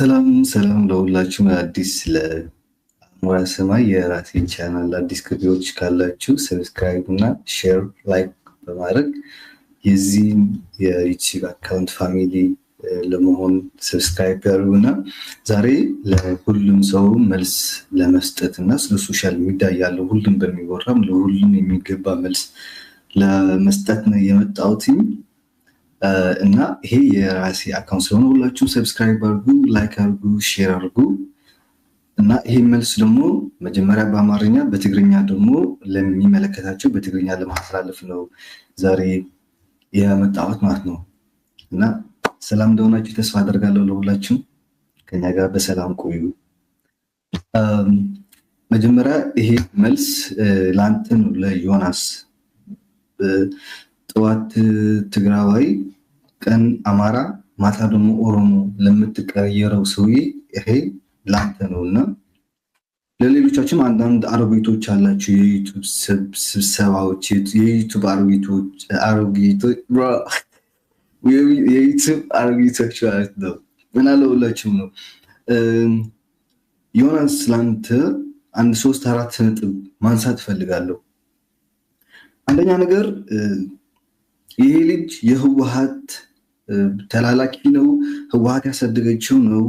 ሰላም ሰላም ለሁላችሁም። አዲስ ለአሞራ ሰማይ የራሴን ቻናል አዲስ ገቢዎች ካላችሁ ሰብስክራይብ እና ሼር ላይክ በማድረግ የዚህን የዩቲዩብ አካውንት ፋሚሊ ለመሆን ሰብስክራይብ ያደርጉና ዛሬ ለሁሉም ሰው መልስ ለመስጠት እና ስለ ሶሻል ሚዲያ ያለው ሁሉም በሚወራም ለሁሉም የሚገባ መልስ ለመስጠት ነው የመጣሁት እና ይሄ የራሴ አካውንት ስለሆነ ሁላችሁም ሰብስክራይብ አድርጉ፣ ላይክ አድርጉ፣ ሼር አድርጉ እና ይሄ መልስ ደግሞ መጀመሪያ በአማርኛ በትግርኛ ደግሞ ለሚመለከታቸው በትግርኛ ለማስተላለፍ ነው ዛሬ የመጣሁት ማለት ነው እና ሰላም እንደሆናችሁ ተስፋ አደርጋለሁ። ለሁላችሁም ከኛ ጋር በሰላም ቆዩ። መጀመሪያ ይሄ መልስ ለአንተ ነው ለዮናስ። ጠዋት ትግራዋይ፣ ቀን አማራ፣ ማታ ደግሞ ኦሮሞ ለምትቀየረው ሰውዬ ይሄ ለአንተ ነው እና ለሌሎቻችን አንዳንድ አሮጊቶች አላችሁ። የዩቱብ ስብሰባዎች የዩቱብ አሮጊቶች የዩቲዩብ አርግተችት ነው እና ለሁላችሁም ነው። የሆነ ስላንተ አንድ ሶስት አራት ነጥብ ማንሳት እፈልጋለሁ። አንደኛ ነገር ይሄ ልጅ የህወሀት ተላላኪ ነው፣ ህወሀት ያሳደገችው ነው፣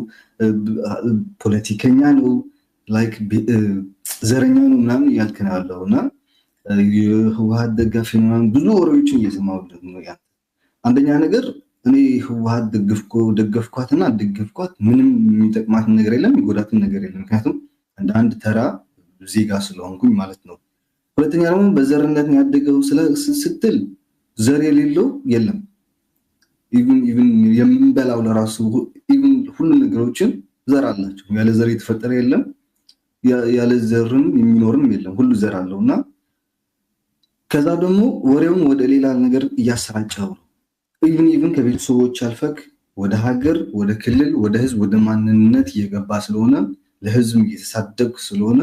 ፖለቲከኛ ነው፣ ላይክ ዘረኛ ነው ምናምን እያልክ ነው ያለው እና የህወሀት ደጋፊ ምናምን ብዙ ወሬዎችን እየሰማሁ ነው ያ አንደኛ ነገር እኔ ህወሀት ደገፍኳትና ደገፍኳት ምንም የሚጠቅማትን ነገር የለም፣ የሚጎዳትን ነገር የለም። ምክንያቱም እንደ አንድ ተራ ዜጋ ስለሆንኩኝ ማለት ነው። ሁለተኛ ደግሞ በዘርነት ያደገው ስትል ዘር የሌለው የለም። የምንበላው ለራሱ ሁሉ ነገሮችን ዘር አላቸው። ያለ ዘር የተፈጠረ የለም፣ ያለ ዘርም የሚኖርም የለም። ሁሉ ዘር አለው እና ከዛ ደግሞ ወሬውን ወደ ሌላ ነገር እያሰራጨው ነው ኢቭን ኢቭን ከቤተሰቦች አልፈክ ወደ ሀገር፣ ወደ ክልል፣ ወደ ህዝብ፣ ወደ ማንነት እየገባ ስለሆነ ለህዝብ እየተሳደብክ ስለሆነ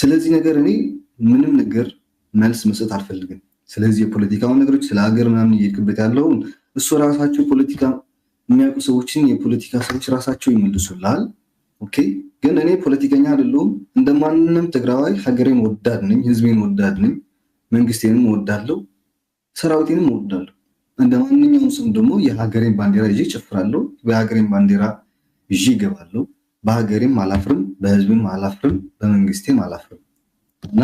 ስለዚህ ነገር እኔ ምንም ነገር መልስ መስጠት አልፈልግም። ስለዚህ የፖለቲካውን ነገሮች ስለ ሀገር ምናምን እየሄድክበት ያለውን እሱ ራሳቸው ፖለቲካ የሚያውቁ ሰዎችን የፖለቲካ ሰዎች ራሳቸው ይመልሱላል። ኦኬ ግን እኔ ፖለቲከኛ አይደለሁም። እንደ ማንም ትግራዋይ ሀገሬን ወዳድ ነኝ፣ ህዝቤን ወዳድ ነኝ፣ መንግስቴንም ወዳለው፣ ሰራዊቴንም ወዳለሁ። እንደ ማንኛውም ሰው ደግሞ የሀገሬን ባንዲራ ይዤ ጨፍራለሁ። የሀገሬን ባንዲራ ይዤ ይገባለሁ። በሀገሬም አላፍርም፣ በህዝብም አላፍርም፣ በመንግስቴም አላፍርም እና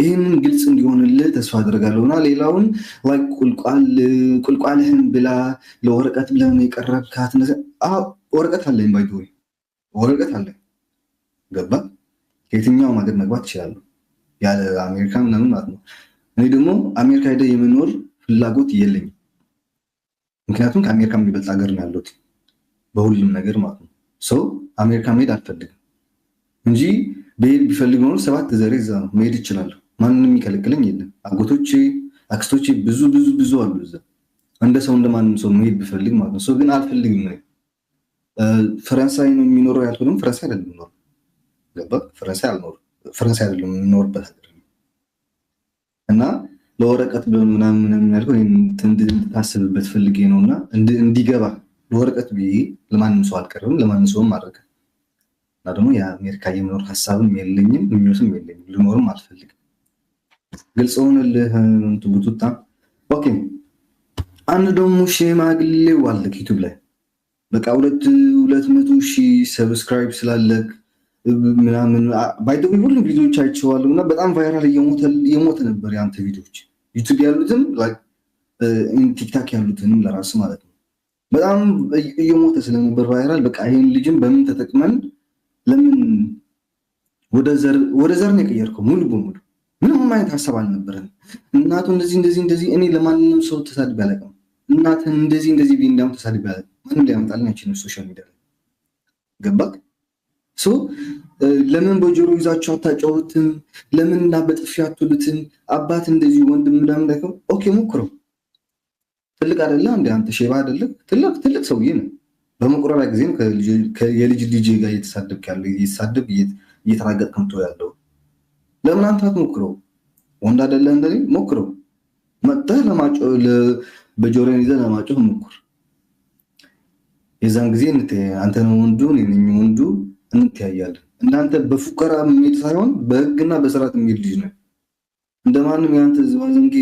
ይህንን ግልጽ እንዲሆንልህ ተስፋ አድርጋለሁ እና ሌላውን ቁልቋልህን ብላ ለወረቀት ብለን የቀረብካት ወረቀት አለኝ ባይ ወረቀት አለኝ ገባ ከየትኛውም ሀገር መግባት ይችላሉ። ያለ አሜሪካ ምናምን ማለት ነው። እኔ ደግሞ አሜሪካ ሄደ የመኖር ፍላጎት የለኝም። ምክንያቱም ከአሜሪካ የሚበልጥ ሀገር ነው ያለት በሁሉም ነገር ማለት ነው። ሰው አሜሪካ መሄድ አልፈልግም እንጂ በሄድ ቢፈልግ ኖሮ ሰባት ዘሬ እዛ ነው መሄድ ይችላለሁ። ማንም የሚከለክለኝ የለም። አጎቶቼ፣ አክስቶቼ ብዙ ብዙ ብዙ አሉ እዛ እንደ ሰው እንደ ማንም ሰው መሄድ ቢፈልግ ማለት ነው። ሰው ግን አልፈልግም። ፈረንሳይ ነው የሚኖረው ያልኩ ደግሞ ፈረንሳይ አይደለም የሚኖረው ገባ። ፈረንሳይ አልኖርም። ፈረንሳይ አይደለም የሚኖርበት ሀገር ለወረቀት ምናምን ምናምን እንድታስብበት ፈልጌ ነው እና እንዲገባ ለወረቀት ብዬ ለማንም ሰው አልቀርብም፣ ለማንም ሰውም አድርገ እና ደግሞ የአሜሪካ የመኖር ሀሳብም የለኝም፣ ምኞትም የለኝም፣ ልኖርም አልፈልግም። ግልጽ ሆንልህ ቡቱታ። ኦኬ አንድ ደግሞ ሽማግሌ አለክ ዩቱብ ላይ በቃ ሁለት ሁለት መቶ ሺህ ሰብስክራይብ ስላለክ ምናምን ባይደ ሁሉም ቪዲዮዎች አይቼዋለሁ እና በጣም ቫይራል እየሞተ ነበር የአንተ ቪዲዮዎች ዩቱብ ያሉትም ቲክታክ ያሉትንም ለራስ ማለት ነው። በጣም እየሞተ ስለነበር ቫይራል በቃ ይህን ልጅም በምን ተጠቅመን ለምን ወደ ዘር ነው የቀየርከው? ሙሉ በሙሉ ምንም አይነት ሀሳብ አልነበረን። እናቱ እንደዚህ እንደዚህ እንደዚህ እኔ ለማንም ሰው ተሳድቤ አላውቅም። እናትህን እንደዚህ እንደዚህ ቢንዳም እንዳውም ተሳድቤ አላውቅም። ማንም ሊያመጣልን አይችልም። ሶሻል ሚዲያ ላይ ገባክ? ለምን በጆሮ ይዛችሁ አታጫወትም? ለምን እና በጥፊ አትሉትም? አባት እንደዚህ ወንድም ምናምን እንዳይከው። ኦኬ ሞክረው። ትልቅ አደለ እንደ አንተ ሼባ አደለ? ትልቅ ትልቅ ሰውዬ ነው። በመቁረራ ጊዜም የልጅ ልጅ ጋር እየተሳደብክ ያለ እየተሳደብ እየተራገጥ ከምቶ ያለው ለምን አንተ አትሞክረው? ወንድ አደለ እንደ ሞክረው። ለማጮ በጆሮ ይዘ ለማጮህ ሞክር። የዛን ጊዜ አንተ ነው ወንዱ፣ ወንዱ እንተያያለን። እናንተ በፉከራ የሚሄድ ሳይሆን በህግና በስርዓት የሚሄድ ልጅ ነው። እንደማንም የአንተ ዝባዝንጊ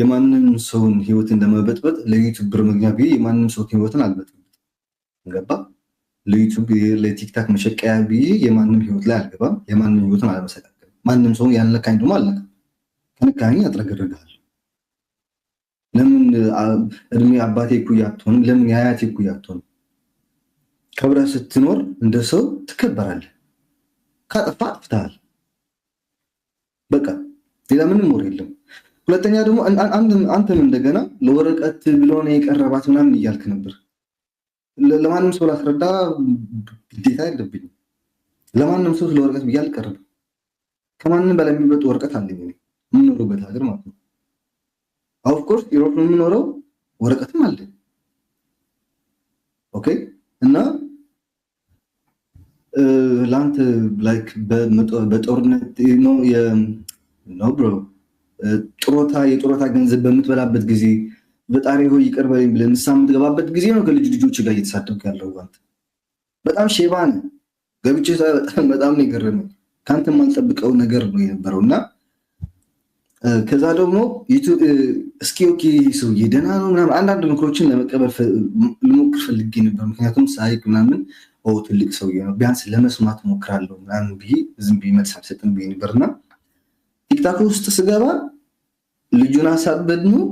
የማንም ሰውን ህይወትን ለመበጥበጥ ለዩቱብ ብር መግኛ ብዬ የማንም ሰው ህይወትን አልበጥበጥ ገባ። ለዩቱብ ለቲክታክ መሸቀያ ብዬ የማንም ህይወት ላይ አልገባም። የማንም ህይወትን አልመሰቃቀልም። ማንም ሰው ያልነካኝ ደግሞ አልነካም። ከነካኝ አጥረገረግሃል። ለምን እድሜ አባቴ እኩያ አትሆንም? ለምን የአያቴ እኩያ አትሆንም? ከብረህ ስትኖር እንደ ሰው ትከበራለህ። ካጠፋ አጥፍተሃል። በቃ ሌላ ምንም ወር የለም። ሁለተኛ ደግሞ አንተም እንደገና ለወረቀት ብለሆነ የቀረባት ምናምን እያልክ ነበር። ለማንም ሰው ላስረዳ ግዴታ ያለብኝ ለማንም ሰው ለወረቀት ወረቀት ብዬ አልቀርብም። ከማንም በላይ የሚበልጥ ወረቀት አለኝ የምኖርበት ሀገር ማለት ነው። ኦፍኮርስ ኢሮፕ የምኖረው፣ ወረቀትም አለ ኦኬ እና ለአንተ ላይክ በጦርነት ነው ጥሮታ የጥሮታ ገንዘብ በምትበላበት ጊዜ በጣሪ ሆይ ይቅር በለኝ ብለህ የምትገባበት ጊዜ ነው ከልጅ ልጆች ጋር እየተሳደብክ ያለው። አንተ በጣም ሼባ ነህ። ገብቼ በጣም ነው የገረመኝ። ከአንተ የማልጠብቀው ነገር ነው የነበረው እና ከዛ ደግሞ እስኪ ኦኬ ሰውዬ ደህና ነው ምናምን አንዳንድ ምክሮችን ለመቀበል ልሞክር ፈልጌ ነበር። ምክንያቱም ሳይክ ምናምን ትልቅ ሰውዬ ነው ቢያንስ ለመስማት ሞክራለሁ ምናምን ብዬ ዝም ብዬ መልስ አልሰጥም ብዬ ነበር ቲክታክ ውስጥ ስገባ ልጁን አሳበድ ነው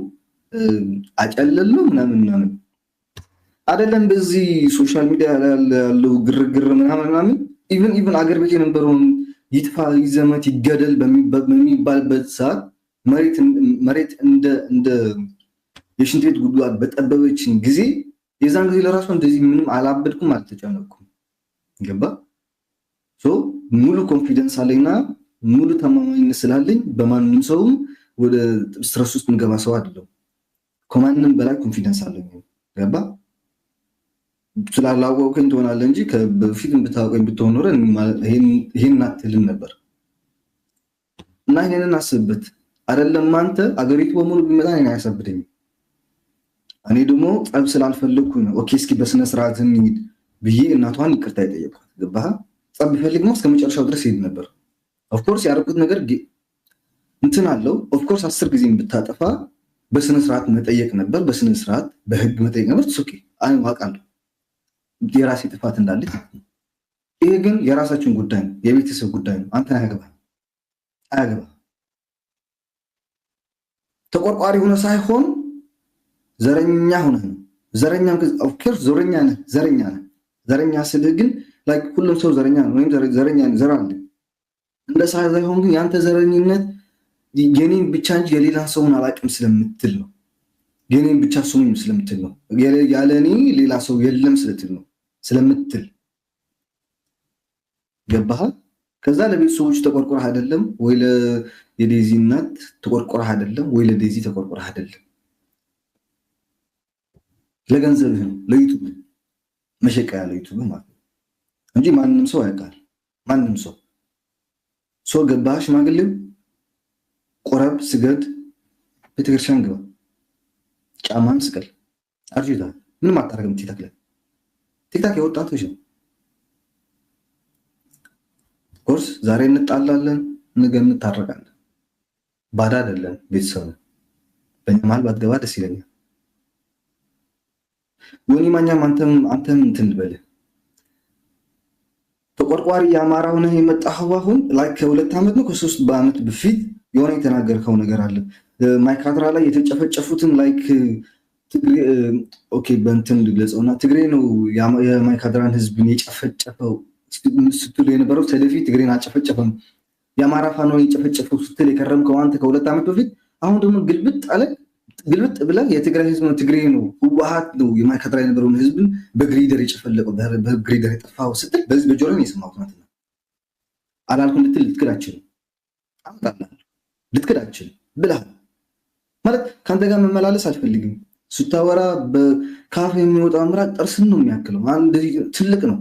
አጨለለው ምናምን ምናምን አይደለም በዚህ ሶሻል ሚዲያ ያለው ግርግር ምናምን ምናምን ኢቨን ኢቨን አገር ቤት የነበረውን ይጥፋ ይዘመት ይገደል በሚባልበት ሰዓት መሬት እንደ የሽንት ቤት ጉድጓድ በጠበበችን ጊዜ የዛን ጊዜ ለራሱ እንደዚህ ምንም አላበድኩም አልተጨነኩም። ገባ ሙሉ ኮንፊደንስ አለኝና ሙሉ ተማማኝነት ስላለኝ በማንም ሰውም ወደ ስትረስ ውስጥ ምገባ ሰው አይደለም። ከማንም በላይ ኮንፊደንስ አለኝ። ገባ ስላላወቅኝ ትሆናለ እንጂ በፊት ብታወቀኝ ብትሆን ኖረ ይሄን አትልም ነበር። እና ይህንን አስብበት አይደለም አንተ አገሪቱ በሙሉ ቢመጣ ይህን እኔ ደግሞ ጠብ ስላልፈለግኩ ነው። ኦኬ እስኪ በስነስርዓት እንሂድ ብዬ እናቷን ይቅርታ የጠየቅኳት ገባህ። ጸብ ቢፈልግ ነው እስከ መጨረሻው ድረስ ሄድ ነበር። ኦፍኮርስ ያደረኩት ነገር እንትን አለው። ኦፍኮርስ አስር ጊዜ ብታጠፋ በስነስርዓት መጠየቅ ነበር፣ በስነስርዓት በህግ መጠየቅ ነበር። ሱቂ አውቃለሁ የራሴ ጥፋት እንዳለች። ይሄ ግን የራሳችን ጉዳይ ነው፣ የቤተሰብ ጉዳይ ነው። አንተን አያገባ አያገባ ተቆርቋሪ ሆነ ሳይሆን ዘረኛ ሆነ ነው። ዘረኛ ኦፍኮርስ ዘረኛ ነህ፣ ዘረኛ ነህ ዘረኛ ስልህ ግን ሁሉም ሰው ዘረኛ ነው ወይም ዘረኛ ዘር አለ። እንደ ሳይሆን ግን የአንተ ዘረኝነት የኔን ብቻ እንጂ የሌላ ሰውን አላቅም ስለምትል ነው። የኔን ብቻ ስሙኝ ስለምትል ነው። ያለ እኔ ሌላ ሰው የለም ስለትል ነው ስለምትል ገባሃል። ከዛ ለቤተሰቦቹ ተቆርቆረህ አይደለም ወይ ለዴዚ እናት ተቆርቆረህ አይደለም ወይ ለዴዚ ተቆርቆረህ አይደለም። ለገንዘብህ ነው ለዩቱብ መሸቀ ያለው ዩቱብ ማለት ነው እንጂ ማንም ሰው ያውቃል። ማንም ሰው ሶ ገባ፣ ሽማግሌው ቆረብ፣ ስገድ፣ ቤተክርስቲያን ግባ፣ ጫማን ስቀል፣ አርጅታል፣ ምንም አታረግም። ቲክታክ ላይ ቲክታክ የወጣቶች ነው። ኮርስ ዛሬ እንጣላለን፣ ነገ እንታረቃለን። ባዳ አይደለን። ቤተሰብ ነው። በእኛ መሀል ባትገባ ደስ ይለኛል። ዮኒ ማኛም አንተም አንተም እንትንበል ተቆርቋሪ የአማራ ሆነህ የመጣኸው አሁን ላይ ከሁለት ዓመት ነው ከሶስት በዓመት በፊት የሆነ የተናገርከው ነገር አለ። ማይካድራ ላይ የተጨፈጨፉትን ላይክ ኦኬ በእንትን ልግለጸውና ትግሬ ነው የማይካድራን ህዝብን የጨፈጨፈው ስትሉ የነበረው ሰደፊ ትግሬን አጨፈጨፈም የአማራ ፋኖን የጨፈጨፈው ስትል የከረምከው አንተ ከሁለት ዓመት በፊት አሁን ደግሞ ግልብጥ አለ። ግልብጥ ብለ የትግራይ ህዝብ ነው ትግሬ ነው ህወሀት ነው የማይከብራ የነበረውን ህዝብን በግሪደር የጨፈለቀው በግሪደር የጠፋው ስትል በዚህ በጆሮ ነው የሰማሁት ማለት ነው። አላልኩ ልትል ልትክዳችን ልትክዳችን ብላ ማለት ከአንተ ጋር መመላለስ አልፈልግም። ስታወራ በካፍ የሚወጣው ምራቅ ጥርስን ነው የሚያክለው ትልቅ ነው።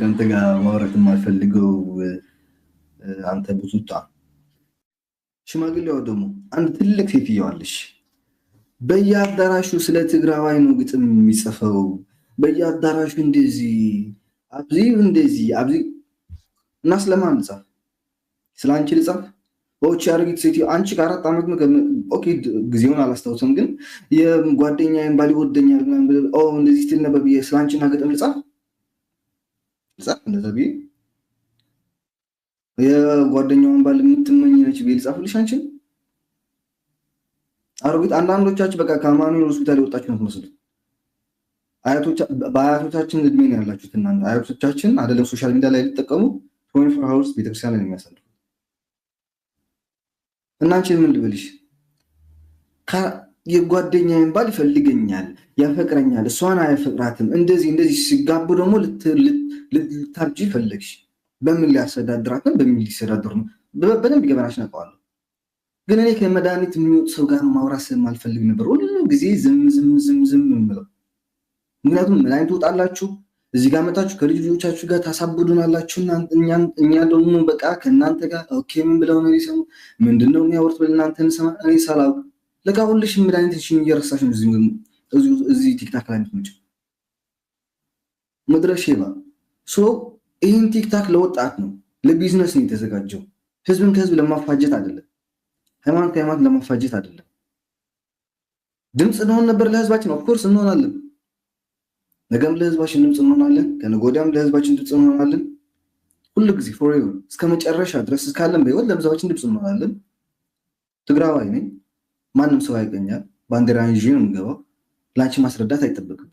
ከአንተ ጋር ማውረት የማልፈልገው አንተ ብዙ ሽማግሌዋ ደግሞ አንድ ትልቅ ሴትዮ አለች። በየአዳራሹ ስለ ትግራዋይ ነው ግጥም የሚጽፈው። በየአዳራሹ እንደዚህ አብዚ እንደዚህ አብዚ እና ስለማን ልጻፍ? ስለ አንቺ ልጻፍ? በውጭ ያደርጊት ሴትዮ አንቺ ከአራት ዓመት ኦኬ፣ ጊዜውን አላስታውስም፣ ግን የጓደኛዬን ባል ይወደኛል እንደዚህ ትል ነበር ብዬ ስለ አንቺና ግጥም ልጻፍ ልጻፍ እንደዛ ብዬ የጓደኛውን ባል የምትመኝ ነች ቤል ጻፉልሽ አንቺን አሮጊት። አንዳንዶቻችሁ በቃ ከአማኑኤል ሆስፒታል የወጣችሁ ነው ትመስሉ። በአያቶቻችን እድሜ ነው ያላችሁት እናንተ። አያቶቻችን አይደለም ሶሻል ሚዲያ ላይ ሊጠቀሙ ቶኒ ፎር ሀውርስ ቤተክርስቲያን ላይ የሚያሳልፉ እና ምን ልበልሽ የጓደኛዬን ባል ይፈልገኛል፣ ያፈቅረኛል፣ እሷን አያፈቅራትም፣ እንደዚህ እንደዚህ ሲጋቡ ደግሞ ልታርጁ ይፈለግሽ በምን ሊያስተዳድራትን ነው? በምን ሊስተዳድሩ ነው? በደንብ ገበናችን አውቀዋለሁ። ግን እኔ ከመድኃኒት የሚወጡ ሰው ጋር ማውራት ስለማልፈልግ ነበር ሁሉ ጊዜ ዝም ዝም ዝም ዝም የምለው። ምክንያቱም መድኃኒት ትወጣላችሁ፣ እዚህ ጋር መጣችሁ ከልጅ ልጆቻችሁ ጋር ታሳብዱናላችሁ። እኛ ደግሞ በቃ ከእናንተ ጋር ኦኬ፣ ምን ብለው ነው ሰሙ? ምንድነው የሚያወሩት? በእናንተ ንሰማ እኔ ሳላውቅ ለቃ ሁልሽ መድኃኒትሽን እየረሳሽ ነው እዚህ ቲክታክ ላይ ምትመጪው መድረሽ ይባ ይህን ቲክታክ ለወጣት ነው፣ ለቢዝነስ ነው የተዘጋጀው። ህዝብን ከህዝብ ለማፋጀት አይደለም፣ ሃይማኖት ከሃይማኖት ለማፋጀት አይደለም። ድምፅ እንሆን ነበር ለህዝባችን፣ ኦፍኮርስ እንሆናለን። ነገም ለህዝባችን ድምፅ እንሆናለን። ከነገ ወዲያም ለህዝባችን ድምፅ እንሆናለን። ሁሉ ጊዜ ፎሬቨር እስከ መጨረሻ ድረስ እስካለን በህይወት ለህዝባችን ድምፅ እንሆናለን። ትግራዋይ ነኝ። ማንም ሰው አይገኛል። ባንዲራ ይዤ ነው የምገባው። ለአንቺ ማስረዳት አይጠበቅም።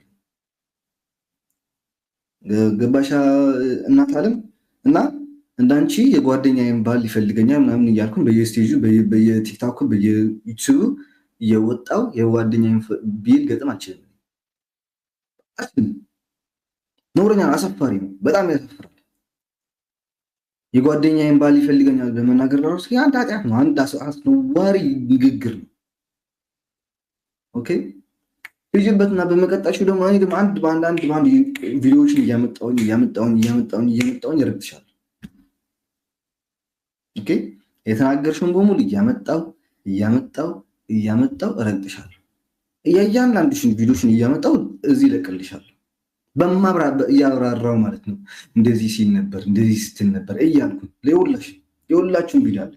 ገባሻ እናት አለም እና እንዳንቺ የጓደኛዬን ባል ይፈልገኛል ምናምን እያልኩን በየስቴጁ በየቲክታኩ በየዩቱቡ እየወጣው የጓደኛዬን ቢል ገጥም አልችልም። ነውረኛ፣ አሳፋሪ ነው። በጣም ያሳፍራል። የጓደኛዬን ባል ይፈልገኛል በመናገር ራሱ አንድ ኃጢአት ነው። አንድ አስነዋሪ ንግግር ነው። ኦኬ ሄጀበትና በመቀጣችሁ ደግሞ እኔ ደግሞ አንድ በአንድ አንድ በአንድ ቪዲዮዎችን እያመጣሁኝ እያመጣሁኝ እያመጣሁኝ እያመጣሁኝ እረግጥሻለሁ። ኦኬ የተናገርሽውን በሙሉ እያመጣው እያመጣው እያመጣሁ እረግጥሻለሁ። እያንዳንዱሽን ቪዲዮዎችን እያመጣው እዚህ እለቅልሻለሁ። በማብራ እያብራራው ማለት ነው። እንደዚህ ሲል ነበር፣ እንደዚህ ስትል ነበር እያልኩ ለሁላሽ የሁላችሁም ቪዲዮ አለ።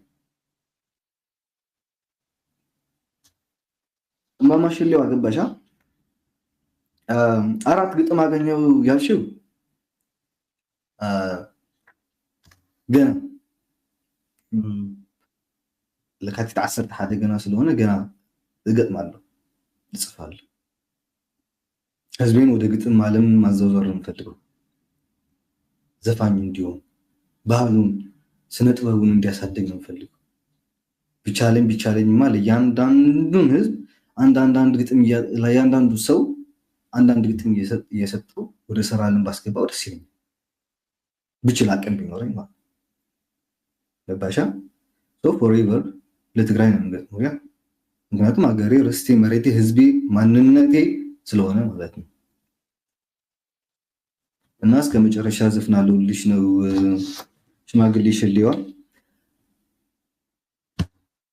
እማማሽሌው አገባሻ አራት ግጥም አገኘው ያልሽው ግን ለካቲት ዓሰርተ ሓደ ገና ስለሆነ ገና እገጥማለሁ እፅፋለሁ። ህዝቤን ወደ ግጥም ዓለም ማዘውዘር ነው የምፈልገው። ዘፋኝ እንዲሆን ባህሉን ስነ ጥበቡን እንዲያሳደግ ነው የምፈልገው። ቢቻለኝ ቢቻለኝማ ለእያንዳንዱን ህዝብ አንዳንዳንድ ግጥም ለእያንዳንዱ ሰው አንዳንድ ግጥም እየሰጡ ወደ ስራ ልን ባስገባው ደስ ይለኛል፣ ብችል አቅም ቢኖረኝ ማለት ገባሻ። ለትግራይ ነው የምገጥመው ያ ምክንያቱም አገሬ፣ ርስቴ፣ መሬቴ፣ ህዝቤ፣ ማንነቴ ስለሆነ ማለት ነው። እና እስከ መጨረሻ ዘፍናለሁልሽ ነው ሽማግሌ ሸሌዋል